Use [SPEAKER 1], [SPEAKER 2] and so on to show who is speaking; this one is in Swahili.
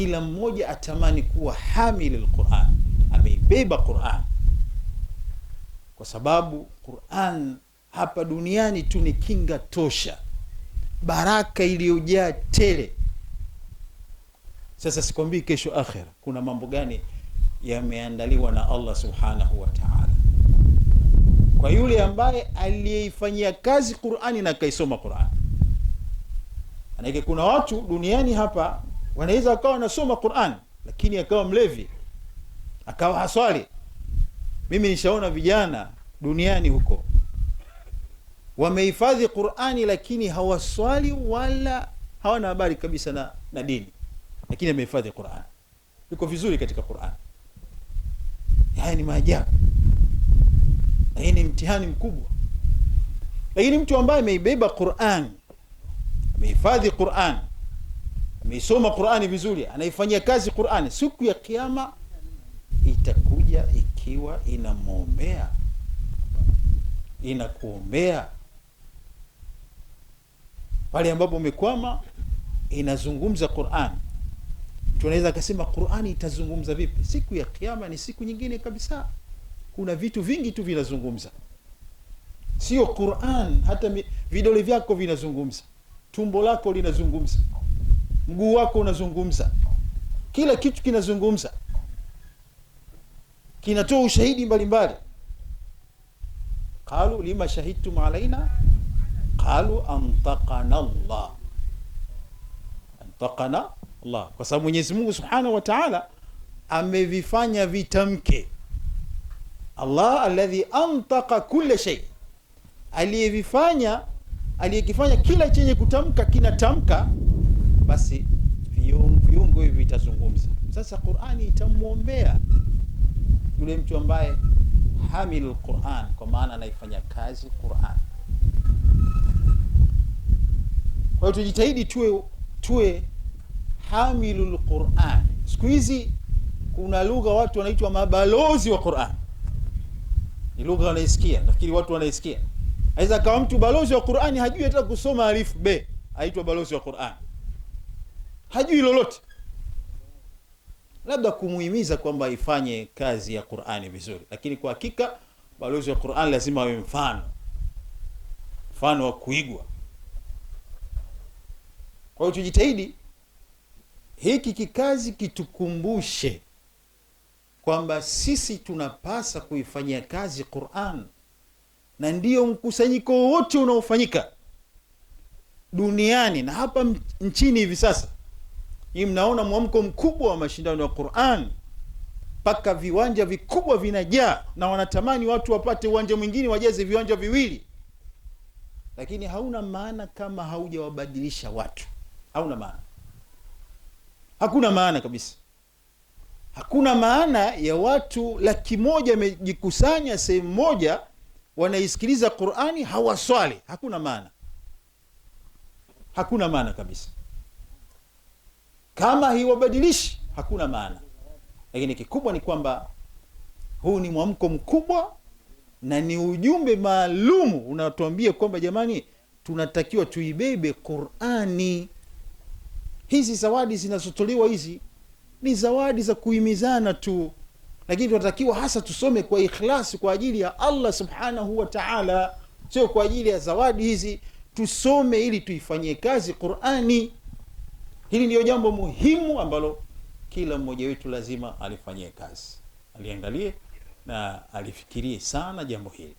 [SPEAKER 1] kila mmoja atamani kuwa hamil alquran, ameibeba Quran, kwa sababu Quran hapa duniani tu ni kinga tosha, baraka iliyojaa tele. Sasa sikwambii kesho akhira kuna mambo gani yameandaliwa na Allah subhanahu wataala kwa yule ambaye aliyeifanyia kazi Qur'ani na akaisoma Qur'ani. manake kuna watu duniani hapa wanaweza wakawa wanasoma Qur'an lakini akawa mlevi, akawa haswali. Mimi nishaona vijana duniani huko wamehifadhi Qur'ani lakini hawaswali wala hawana habari kabisa na, na dini, lakini amehifadhi Qur'an, viko vizuri katika Qur'an. Haya ni maajabu, hii ni mtihani mkubwa. Lakini mtu ambaye ameibeba Qur'an, amehifadhi qurani ameisoma Qur'ani vizuri, anaifanyia kazi Qur'ani, siku ya kiama itakuja ikiwa inamwombea, inakuombea pale ambapo umekwama, inazungumza Qur'ani. Tunaweza akasema Qur'ani itazungumza vipi? Siku ya kiama ni siku nyingine kabisa, kuna vitu vingi tu vinazungumza, sio Qur'an. Hata vidole vyako vinazungumza, tumbo lako linazungumza mguu wako unazungumza, kila kitu kinazungumza, kinatoa ushahidi mbalimbali. Qalu lima shahidtum alaina qalu antaqana llah antaqana llah kwa sababu Mwenyezi Mungu Subhanahu wa Ta'ala amevifanya vitamke. Allah alladhi antaka kula shei aliyevifanya aliyekifanya kila chenye kutamka kinatamka basi viungo hivi vitazungumza. Sasa Qur'ani itamwombea yule mtu ambaye hamil Qur'an, kwa maana anaifanya kazi Qur'an. Kwa hiyo tujitahidi tuwe tuwe hamilul Qur'an. Siku hizi kuna lugha watu wanaitwa mabalozi wa Qur'an, ni lugha wanaisikia, nafikiri watu wanaisikia. Aweza akawa mtu balozi wa Qur'ani hajui hata kusoma alif b, aitwa balozi wa Qurani hajui lolote, labda kumuhimiza kwamba ifanye kazi ya Qur'ani vizuri, lakini kwa hakika balozi wa Qur'ani lazima awe mfano mfano wa kuigwa. Kwa hiyo tujitahidi hiki kikazi kitukumbushe kwamba sisi tunapasa kuifanyia kazi Qur'an, na ndiyo mkusanyiko wote unaofanyika duniani na hapa nchini hivi sasa hii mnaona mwamko mkubwa wa mashindano ya Qur'an mpaka viwanja vikubwa vinajaa, na wanatamani watu wapate uwanja mwingine wajeze viwanja viwili, lakini hauna maana kama haujawabadilisha watu. Hauna maana, hakuna maana kabisa. Hakuna maana ya watu laki moja wamejikusanya sehemu moja, wanaisikiliza Qur'ani, hawaswali. Hakuna maana, hakuna maana kabisa. Kama hiwabadilishi hakuna maana, lakini kikubwa ni kwamba huu ni mwamko mkubwa na ni ujumbe maalumu unatuambia kwamba jamani, tunatakiwa tuibebe Qurani. Hizi zawadi zinazotolewa hizi ni zawadi za kuimizana tu, lakini tunatakiwa hasa tusome kwa ikhlasi kwa ajili ya Allah subhanahu wataala sio kwa ajili ya zawadi hizi. Tusome ili tuifanyie kazi Qurani. Hili ndiyo jambo muhimu ambalo kila mmoja wetu lazima alifanyie kazi, aliangalie na alifikirie sana jambo hili.